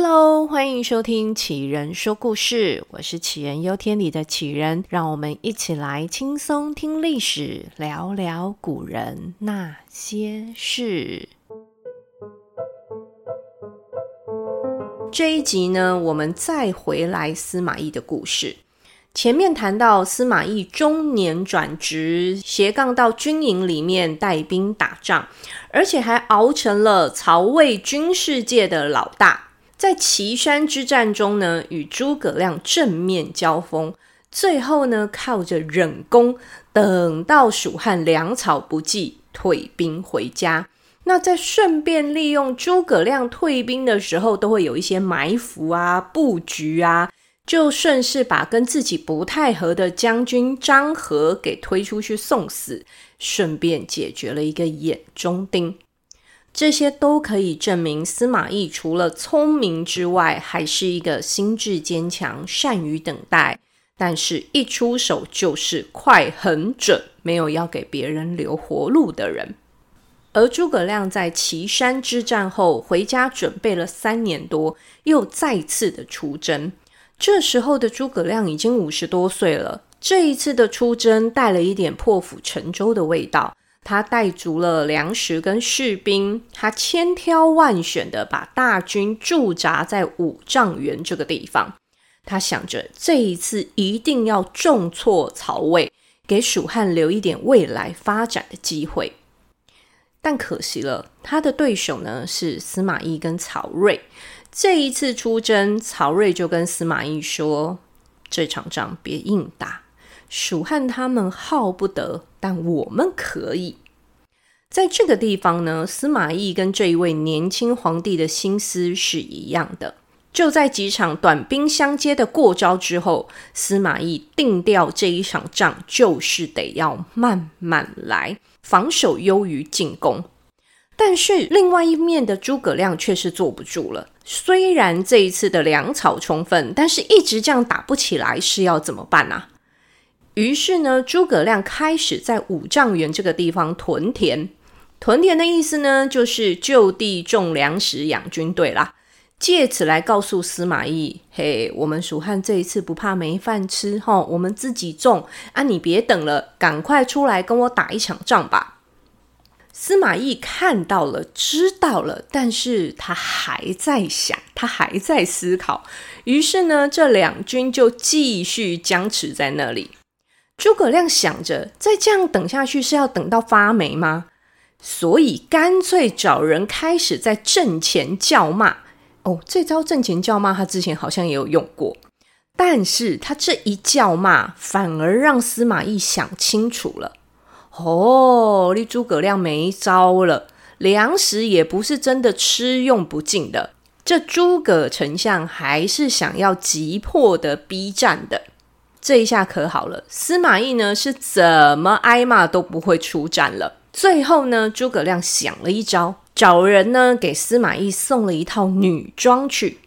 哈嘍，歡迎收聽《杞人說故事》，我是《杞人憂天》裡的杞人，讓我們一起來輕鬆聽歷史，聊聊古人那些事。這一集呢，我們再回來司馬懿的故事。前面談到司馬懿中年轉職，斜槓到軍營裡面帶兵打仗，而且還熬成了曹魏軍事界的老大。在祁山之戰中呢，與諸葛亮正面交鋒，最後呢靠着忍功等到蜀漢糧草不濟，退兵回家。那在順便利用諸葛亮退兵的時候，都會有一些埋伏啊、布局啊，就順勢把跟自己不太合的將軍張郃給推出去送死，順便解決了一個眼中釘。這些都可以證明，司馬懿除了聰明之外，還是一個心智堅強、善於等待，但是一出手就是快、狠、準，沒有要給別人留活路的人。而諸葛亮在祁山之戰後回家準備了三年多，又再次的出征。這時候的諸葛亮已經五十多歲了，這一次的出征帶了一點破釜沉舟的味道。他帶足了糧食跟士兵，他千挑萬選的把大軍駐紮在五丈原這個地方。他想着這一次一定要重挫曹魏，給蜀漢留一點未來發展的機會。但可惜了，他的對手呢是司馬懿跟曹叡。這一次出征，曹叡就跟司馬懿說：“這場仗別硬打，蜀漢他們耗不得。”但我們可以在這個地方呢，司馬懿跟這一位年輕皇帝的心思是一樣的，就在幾場短兵相接的過招之後，司馬懿定調這一場仗，就是得要慢慢來，防守優於進攻。但是另外一面的諸葛亮卻是坐不住了。雖然這一次的糧草充分，但是一直這樣打不起來，是要怎麼辦啊？於是呢，諸葛亮開始在五丈原這個地方屯田。屯田的意思呢，就是就地種糧食養軍隊啦。借此來告訴司馬懿：“嘿，我們蜀漢這一次不怕沒飯吃哈，我們自己種啊，你別等了，趕快出來跟我打一場仗吧。”司馬懿看到了，知道了，但是他還在想，他還在思考。於是呢，這兩軍就繼續僵持在那裡。諸葛亮想着，再這樣等下去是要等到發霉嗎？所以乾脆找人開始在陣前叫罵。哦，這招陣前叫罵他之前好像也有用過，但是他這一叫罵，反而讓司馬懿想清楚了。哦，你諸葛亮沒招了，糧食也不是真的吃用不盡的，這諸葛丞相還是想要急迫的逼戰的。這一下可好了，司馬懿呢是怎麼挨罵都不會出戰了。最後呢，諸葛亮想了一招，找人呢給司馬懿送了一套女裝去。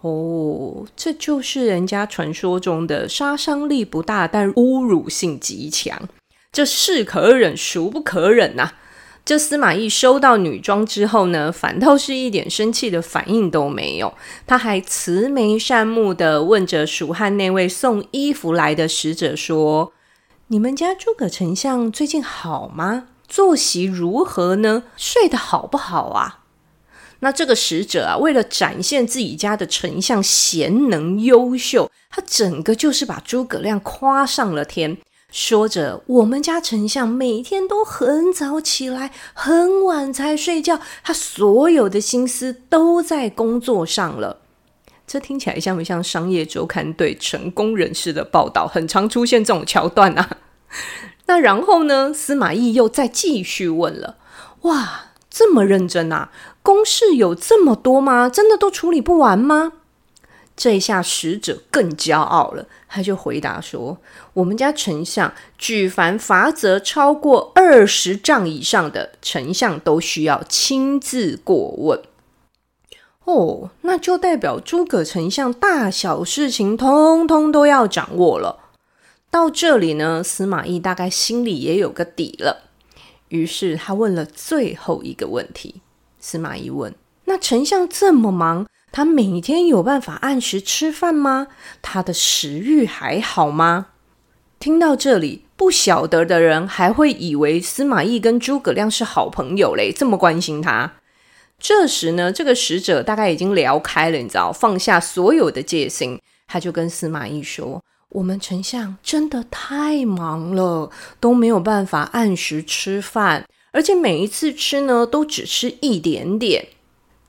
哦，這就是人家傳說中的殺傷力不大，但侮辱性極強。這是可忍，孰不可忍吶、啊！這司馬懿收到女裝之後呢，反倒是一點生氣的反應都沒有，他還慈眉善目的問着蜀漢那位送衣服來的使者說：“你們家諸葛丞相最近好嗎？作息如何呢？睡得好不好啊？”那這個使者啊，為了展現自己家的丞相賢能優秀，他整個就是把諸葛亮誇上了天。說着，我們家丞相每天都很早起來，很晚才睡覺。他所有的心思都在工作上了。這聽起來像不像商業周刊對成功人士的報道？很常出現這種橋段啊。 那然後呢？司馬懿又再繼續問了：“哇，這麼認真啊？公事有這麼多嗎？真的都處理不完嗎？”這下，使者更驕傲了。他就回答說：“我們家丞相舉凡罰則超過二十杖以上的丞相，都需要親自過問。哦，那就代表諸葛丞相大小事情通通都要掌握了。”到這裡呢，司馬懿大概心裡也有個底了。於是他問了最後一個問題：“司馬懿問，那丞相這麼忙？”他每天有辦法按時吃飯嗎？他的食欲還好嗎？聽到這裡，不曉得的人還會以為司馬懿跟諸葛亮是好朋友嘞，這麼關心他。這時呢，這個使者大概已經聊開了，你知道，放下所有的戒心，他就跟司馬懿說：“我們丞相真的太忙了，都沒有辦法按時吃飯，而且每一次吃呢，都只吃一點點。”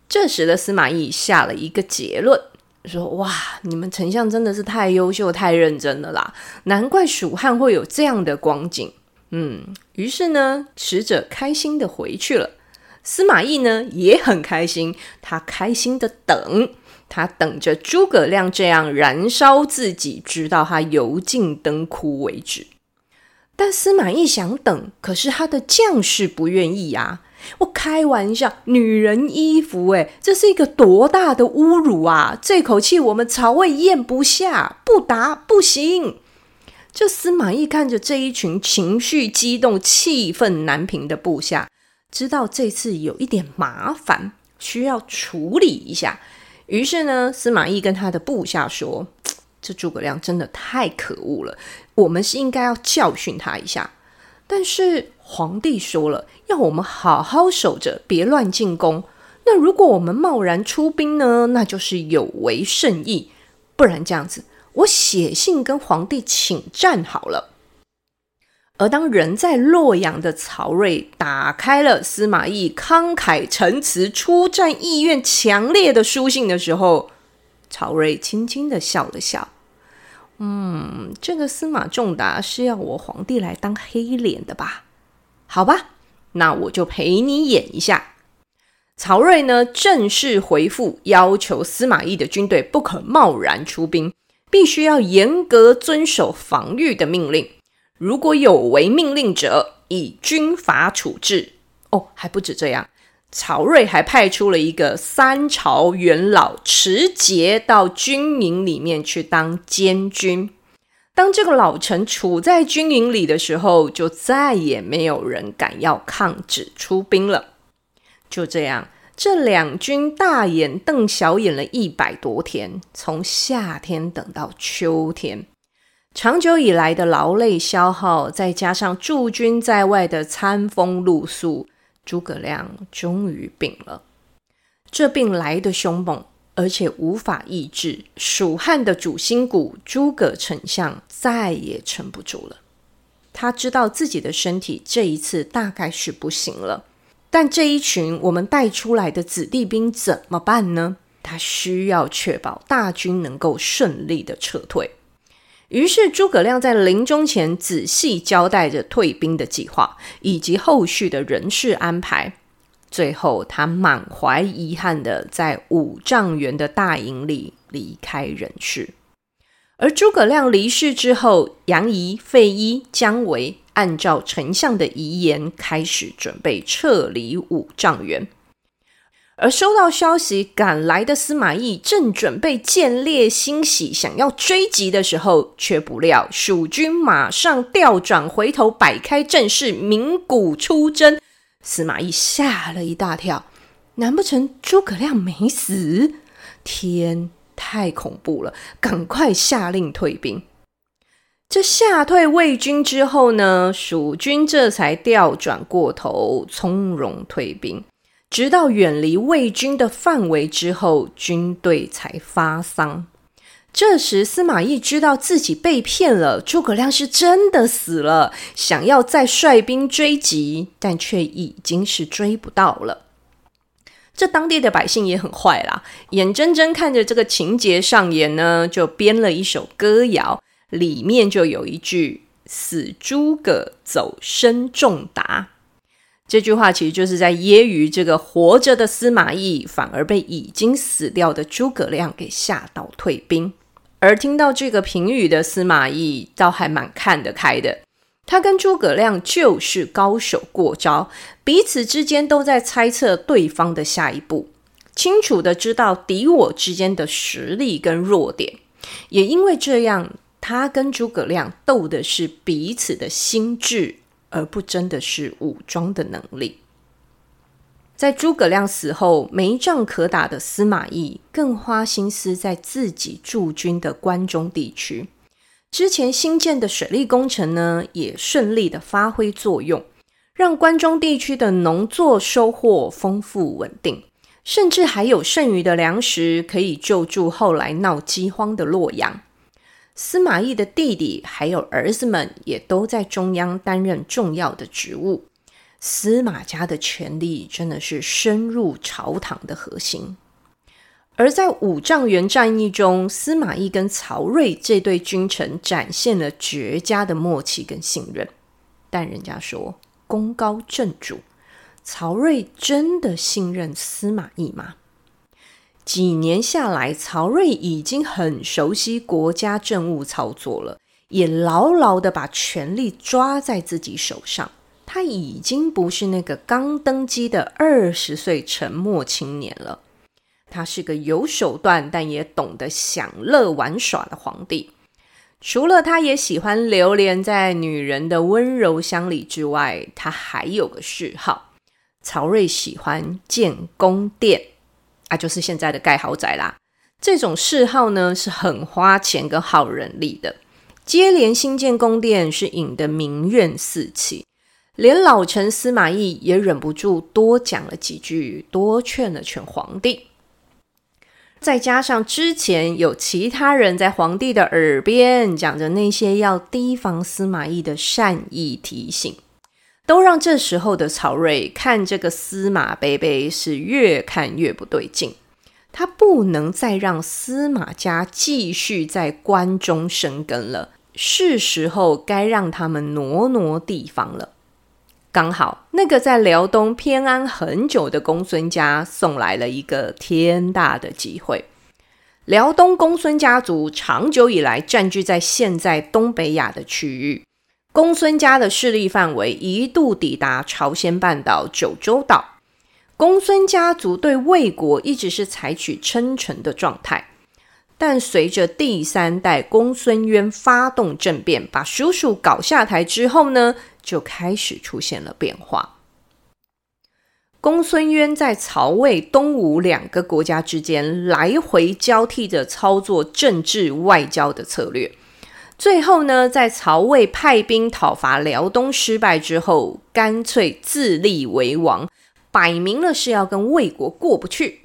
這時的司馬懿下了一個結論，說：“哇，你們丞相真的是太優秀、太認真了啦，難怪蜀漢會有這樣的光景。”嗯，於是呢，使者開心的回去了。司馬懿呢也很開心，他開心的等，他等着諸葛亮這樣燃燒自己，直到他油盡燈枯為止。但司馬懿想等，可是他的將士不願意啊。我開玩笑，女人衣服、欸、這是一個多大的侮辱啊！這口氣我們曹魏咽不下，不打不行。這司馬懿看着這一群情緒激動、氣憤難平的部下，知道這次有一點麻煩，需要處理一下。於是呢，司馬懿跟他的部下說：“這諸葛亮真的太可惡了，我們是應該要教訓他一下。”但是。皇帝說了，要我們好好守着，別亂進攻。那如果我們貿然出兵呢？那就是有違聖意。不然這樣子，我寫信跟皇帝請戰好了。而當人在洛陽的曹睿打開了司馬懿慷慨陳詞、出戰意願強烈的書信的時候，曹睿輕輕的笑了笑。嗯，這個司馬仲達是要我皇帝來當黑臉的吧？好吧，那我就陪你演一下。曹叡呢，正式回復，要求司馬懿的軍隊不可貿然出兵，必須要嚴格遵守防禦的命令。如果有違命令者，以軍法處置。哦，還不止這樣，曹叡還派出了一個三朝元老持節到軍營裡面去當監軍。當這個老臣處在軍營裡的時候，就再也沒有人敢要抗旨出兵了。就這樣，這兩軍大眼瞪小眼了一百多天，從夏天等到秋天。長久以來的勞累消耗，再加上駐軍在外的餐風露宿，諸葛亮終於病了。這病來得兇猛。而且無法抑制，蜀漢的主心骨諸葛丞相再也撐不住了。他知道自己的身體這一次大概是不行了，但這一群我們帶出來的子弟兵怎麼辦呢？他需要確保大軍能夠順利的撤退。於是諸葛亮在臨終前仔細交代着退兵的計劃以及後續的人事安排。最後，他滿懷遺憾的在五丈原的大營裡離開人世。而諸葛亮離世之後，楊儀、費禕、姜維按照丞相的遺言，開始準備撤離五丈原。而收到消息趕來的司馬懿，正準備見獵心喜，想要追擊的時候，却不料蜀軍馬上調轉回頭，擺開陣勢，鳴鼓出征。司馬懿嚇了一大跳，難不成諸葛亮沒死？天太恐怖了，趕快下令退兵。這嚇退魏軍之後呢，蜀軍這才調轉過頭，從容退兵。直到遠離魏軍的範圍之後，軍隊才發喪。這時，司馬懿知道自己被騙了，諸葛亮是真的死了，想要再率兵追擊，但卻已經是追不到了。這當地的百姓也很壞啦，眼睜睜看着這個情節上演呢，就編了一首歌謠，裡面就有一句“死諸葛走生仲達”，這句話其實就是在揶揄這個活着的司馬懿，反而被已經死掉的諸葛亮給嚇到退兵。而聽到這個評語的司馬懿倒還蠻看得開的，他跟諸葛亮就是高手過招，彼此之間都在猜測對方的下一步，清楚的知道敵我之間的實力跟弱點，也因為這樣，他跟諸葛亮鬥的是彼此的心智，而不真的是武裝的能力。在諸葛亮死後，沒仗可打的司馬懿更花心思在自己駐軍的關中地區。之前興建的水利工程呢，也順利的發揮作用，讓關中地區的農作收穫豐富穩定，甚至還有剩餘的糧食可以救助後來鬧饑荒的洛陽。司馬懿的弟弟還有兒子們也都在中央擔任重要的職務。司馬家的權力真的是深入朝堂的核心，而在五丈原戰役中，司馬懿跟曹叡這對君臣展現了絕佳的默契跟信任。但人家說功高震主，曹叡真的信任司馬懿嗎？幾年下來，曹叡已經很熟悉國家政務操作了，也牢牢地把權力抓在自己手上。他已經不是那個剛登基的二十歲沉默青年了，他是個有手段但也懂得享樂玩耍的皇帝。除了他也喜歡流連在女人的溫柔鄉裡之外，他還有個嗜好，曹叡喜歡建宮殿，啊，就是現在的蓋豪宅啦。這種嗜好呢，是很花錢跟耗人力的，接連新建宮殿是引得民怨四起。連老臣司馬懿也忍不住多講了幾句，多勸了勸皇帝。再加上之前有其他人在皇帝的耳邊講着那些要提防司馬懿的善意提醒，都讓這時候的曹叡看這個司馬卑卑是越看越不對勁。他不能再讓司馬家繼續在關中生根了，是時候該讓他們挪挪地方了。剛好，那個在遼東偏安很久的公孫家送來了一個天大的機會。遼東公孫家族長久以來占據在現在東北亞的區域，公孫家的勢力範圍一度抵達朝鮮半島、九州島。公孫家族對魏國一直是採取稱臣的狀態，但隨着第三代公孫淵發動政變，把叔叔搞下台之後呢，就開始出現了變化。公孫淵在曹魏、東吳兩個國家之間來回交替着操作政治外交的策略。最後呢，在曹魏派兵討伐遼東失敗之後，乾脆自立為王，擺明了是要跟魏國過不去。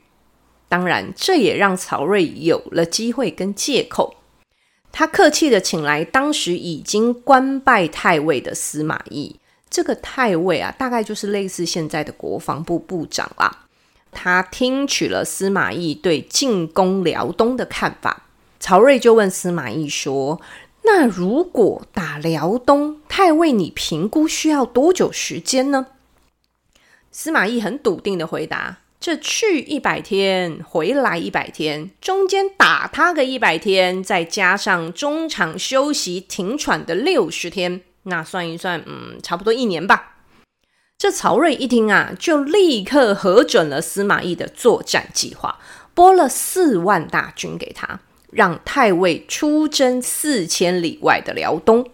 當然，這也讓曹叡有了機會跟借口。他客氣的請來當時已經官拜太尉的司馬懿。這個太尉啊，大概就是類似現在的國防部部長啦、啊。他聽取了司馬懿對進攻遼東的看法，曹叡就問司馬懿說：“那如果打遼東，太尉你評估需要多久時間呢？”司馬懿很篤定的回答。這去一百天，回來一百天，中間打他個一百天，再加上中場休息停喘的六十天，那算一算，嗯，差不多一年吧。這曹叡一聽啊，就立刻核准了司馬懿的作戰計劃，撥了四萬大軍給他，讓太尉出征四千里外的遼東。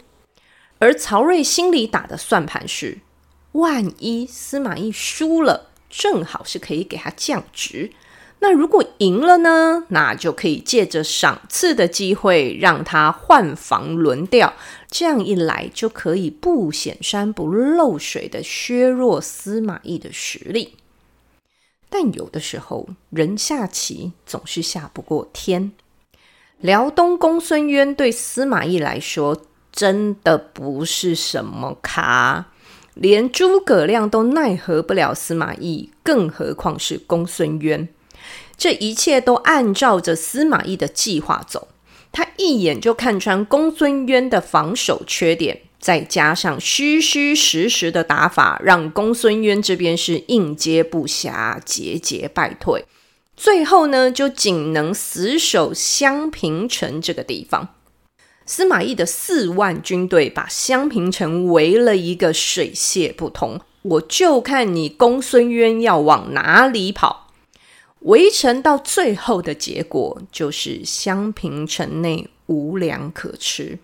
而曹叡心裡打的算盤是：萬一司馬懿輸了，正好是可以給他降職。那如果贏了呢？那就可以借着賞賜的機會讓他換房輪調，這樣一來就可以不顯山不露水的削弱司馬懿的實力。但有的時候人下棋總是下不過天。遼東公孫淵對司馬懿來說真的不是什麼卡。連諸葛亮都奈何不了司馬懿，更何況是公孫淵？這一切都按照着司馬懿的計劃走。他一眼就看穿公孫淵的防守缺點，再加上虛虛實實實的打法，讓公孫淵這邊是應接不暇，節節敗退。最後呢，就僅能死守襄平城這個地方。司馬懿的四萬軍隊把襄平城圍了一個水泄不通，我就看你公孫淵要往哪裡跑。圍城到最後的結果，就是襄平城內無糧可吃。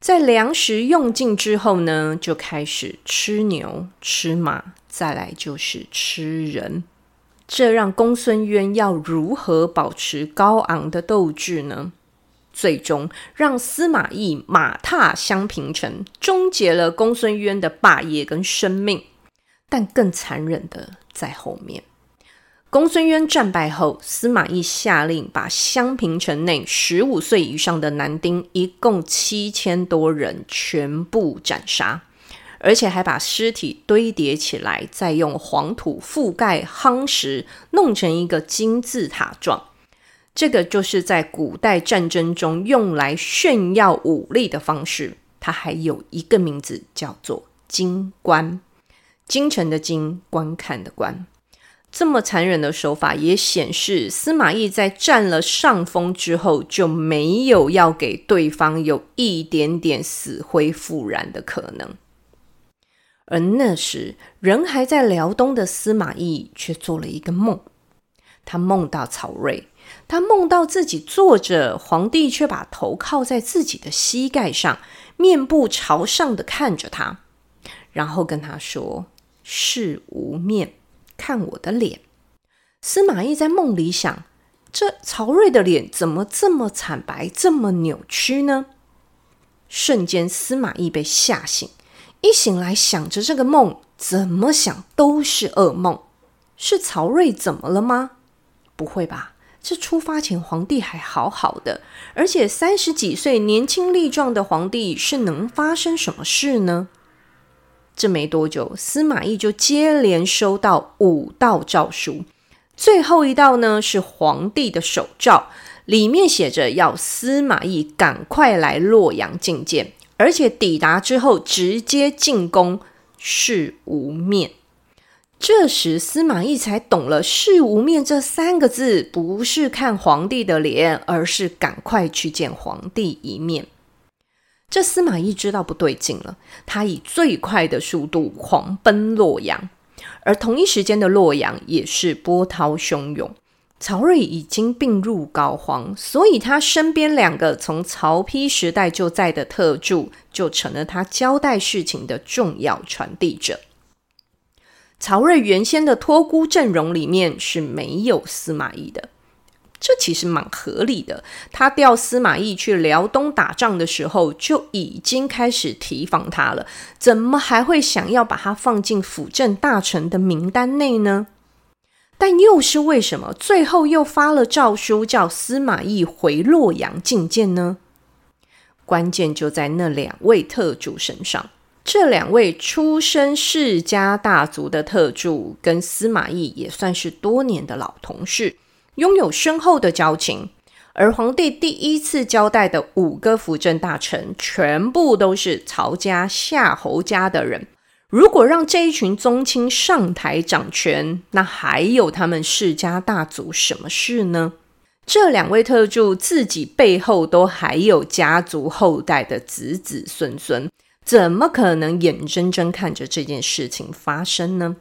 在糧食用盡之後呢，就開始吃牛、吃馬，再來就是吃人。這讓公孫淵要如何保持高昂的鬥志呢？最終讓司馬懿馬踏襄平城，終結了公孫淵的霸業跟生命。但更殘忍的在後面，公孫淵戰敗後，司馬懿下令把襄平城內十五歲以上的男丁，一共七千多人全部斬殺，而且還把屍體堆疊起來，再用黃土覆蓋夯實，弄成一個金字塔狀。這個就是在古代戰爭中用來炫耀武力的方式。它還有一個名字叫做京觀「京觀」，京城的「京」觀看的「觀」。這麼殘忍的手法，也顯示司馬懿在占了上風之後，就沒有要給對方有一點點死灰復燃的可能。而那時，人還在遼東的司馬懿，卻做了一個夢。他夢到曹叡。他夢到自己坐着，皇帝卻把頭靠在自己的膝蓋上，面部朝上的看着他，然後跟他說：“視吾面，看我的臉。”司馬懿在夢裡想：這曹叡的臉怎麼這麼慘白，這麼扭曲呢？瞬間，司馬懿被嚇醒，一醒來想着這個夢，怎麼想都是噩夢。是曹叡怎麼了嗎？不會吧？這出發前，皇帝還好好的，而且三十幾歲年輕力壯的皇帝，是能發生什麼事呢？這沒多久，司馬懿就接連收到五道詔書，最後一道呢，是皇帝的手詔，裡面寫着要司馬懿趕快來洛陽覲見，而且抵達之後直接進宮，視吾面。這時，司馬懿才懂了“視吾面”這三個字，不是看皇帝的臉，而是趕快去見皇帝一面。這司馬懿知道不對勁了，他以最快的速度狂奔洛陽。而同一時間的洛陽也是波濤洶湧，曹叡已經病入膏肓，所以他身邊兩個從曹丕時代就在的特助，就成了他交代事情的重要傳遞者。曹叡原先的託孤陣容裡面是沒有司馬懿的，這其實蠻合理的。他調司馬懿去遼東打仗的時候就已經開始提防他了，怎麼還會想要把他放進輔政大臣的名單內呢？但又是為什麼最後又發了詔書叫司馬懿回洛陽覲見呢？關鍵就在那兩位特助身上。這兩位出身世家大族的特助，跟司馬懿也算是多年的老同事，擁有深厚的交情。而皇帝第一次交代的五個輔政大臣，全部都是曹家、夏侯家的人。如果讓這一群宗親上台掌權，那還有他們世家大族什麼事呢？這兩位特助自己背後都還有家族後代的子子孫孫。怎麼可能眼睜睜看着這件事情發生呢？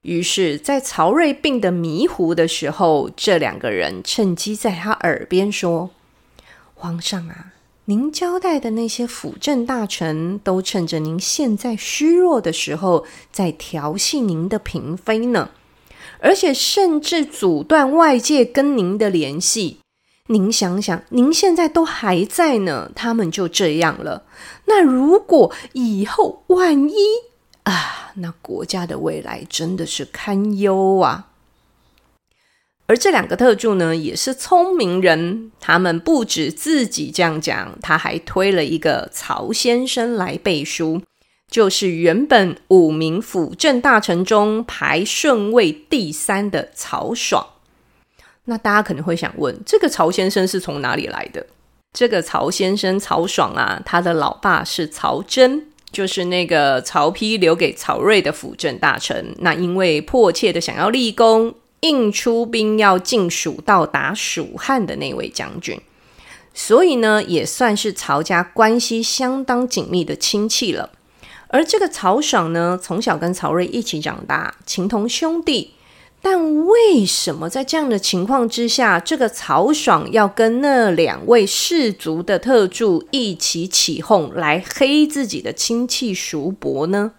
於是，在曹叡病得迷糊的時候，這兩個人趁機在他耳邊說：“皇上啊，您交代的那些輔政大臣，都趁着您現在虛弱的時候，在調戲您的嬪妃呢，而且甚至阻斷外界跟您的聯繫。”您想想，您現在都還在呢，他們就這樣了。那如果以後萬一啊，那國家的未來真的是堪憂啊。而這兩個特助呢，也是聰明人，他們不止自己這樣講，他還推了一個曹先生來背書，就是原本五名輔政大臣中排順位第三的曹爽。那大家可能會想問，這個曹先生是從哪裡來的？這個曹先生曹爽啊，他的老爸是曹真，就是那個曹丕留給曹睿的輔政大臣。那因為迫切的想要立功，硬出兵要進蜀到達蜀漢的那位將軍，所以呢，也算是曹家關係相當緊密的親戚了。而這個曹爽呢，從小跟曹睿一起長大，情同兄弟。但為什麼在這樣的情況之下，這個曹爽要跟那兩位士族的特助一起起哄來黑自己的親戚叔伯呢？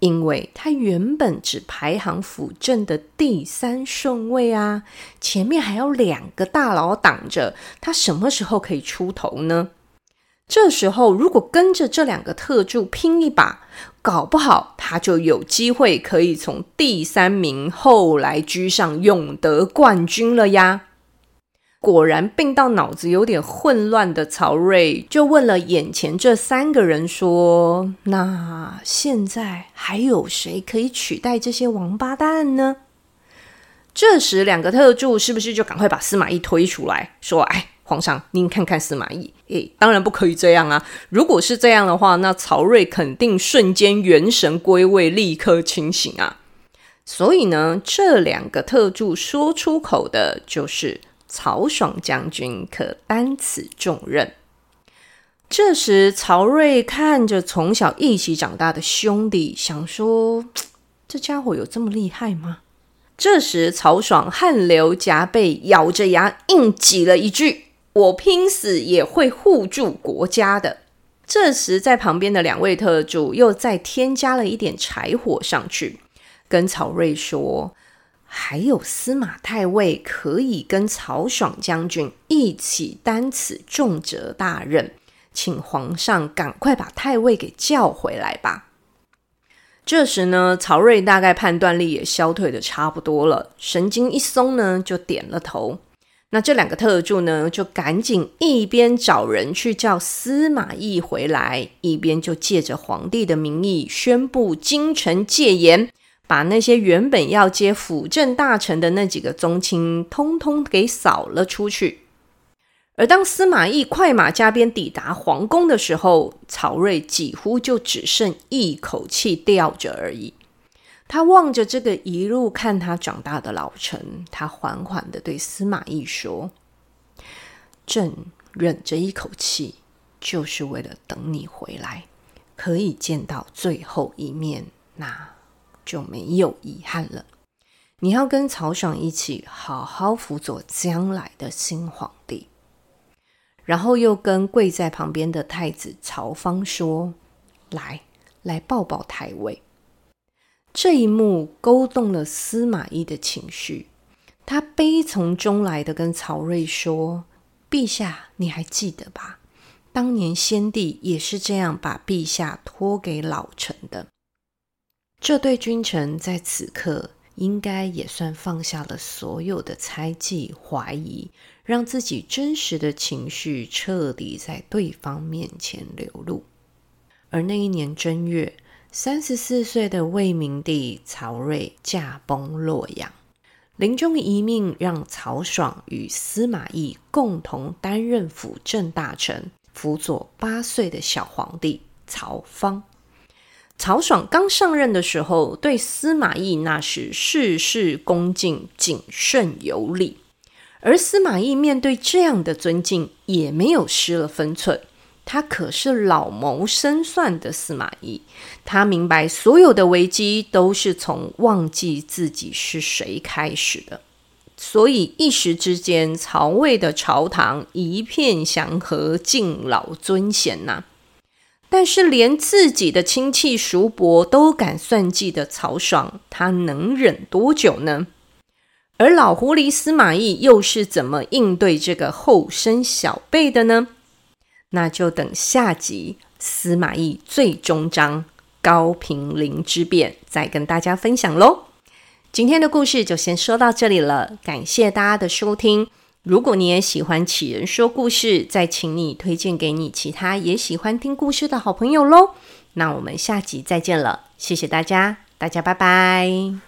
因為他原本只排行輔政的第三順位啊，前面還有兩個大佬擋着，他什麼時候可以出頭呢？這時候如果跟着這兩個特助拼一把。搞不好他就有機會可以從第三名後來居上，勇得冠軍了呀！果然病到腦子有點混亂的曹叡就問了眼前這三個人說：“那現在還有誰可以取代這些王八蛋呢？”這時兩個特助是不是就趕快把司馬懿推出來說：“哎。”皇上，您看看司馬懿，誒，當然不可以這樣啊！如果是這樣的話，那曹叡肯定瞬間元神歸位，立刻清醒啊！所以呢，這兩個特助說出口的就是：“曹爽將軍可擔此重任。”這時，曹叡看着從小一起長大的兄弟，想說：“這傢伙有這麼厲害嗎？”這時，曹爽汗流浹背，咬着牙硬擠了一句。我拼死也會護住國家的。這時，在旁邊的兩位特助又再添加了一點柴火上去，跟曹叡說：“還有司馬太尉可以跟曹爽將軍一起擔此重責大任，請皇上趕快把太尉給叫回來吧。”這時呢，曹叡大概判斷力也消退得差不多了，神經一鬆呢，就點了頭。那這兩個特助呢，就趕緊一邊找人去叫司馬懿回來，一邊就借着皇帝的名義宣布京城戒嚴，把那些原本要接輔政大臣的那幾個宗親，通通給掃了出去。而當司馬懿快馬加鞭抵達皇宮的時候，曹叡幾乎就只剩一口氣吊着而已。他望着這個一路看他長大的老臣，他緩緩的對司馬懿說：“朕忍着一口氣，就是為了等你回來，可以見到最後一面，那就沒有遺憾了。你要跟曹爽一起好好輔佐將來的新皇帝。”然後又跟跪在旁邊的太子曹芳說：“來，來抱抱太尉。”這一幕勾動了司馬懿的情緒，他悲從中來的跟曹叡說：“陛下，你還記得吧？當年先帝也是這樣把陛下託給老臣的。”這對君臣在此刻應該也算放下了所有的猜忌、懷疑，讓自己真實的情緒徹底在對方面前流露。而那一年正月，三十四歲的魏明帝曹叡駕崩洛陽，臨終遺命讓曹爽與司馬懿共同擔任輔政大臣，輔佐八歲的小皇帝曹芳。曹爽剛上任的時候，對司馬懿那是事事恭敬、謹慎有禮，而司馬懿面對這樣的尊敬，也沒有失了分寸。他可是老謀深算的司馬懿，他明白所有的危機都是從忘記自己是誰開始的，所以一時之間，曹魏的朝堂一片祥和，敬老尊賢吶啊。但是，連自己的親戚叔伯都敢算計的曹爽，他能忍多久呢？而老狐狸司馬懿又是怎麼應對這個後生小輩的呢？那就等下集《司馬懿最終章：高平陵之變》再跟大家分享嘍。今天的故事就先說到這裡了，感謝大家的收聽。如果你也喜歡杞人說故事，再請你推薦給你其他也喜歡聽故事的好朋友嘍。那我們下集再見了，謝謝大家，大家拜拜。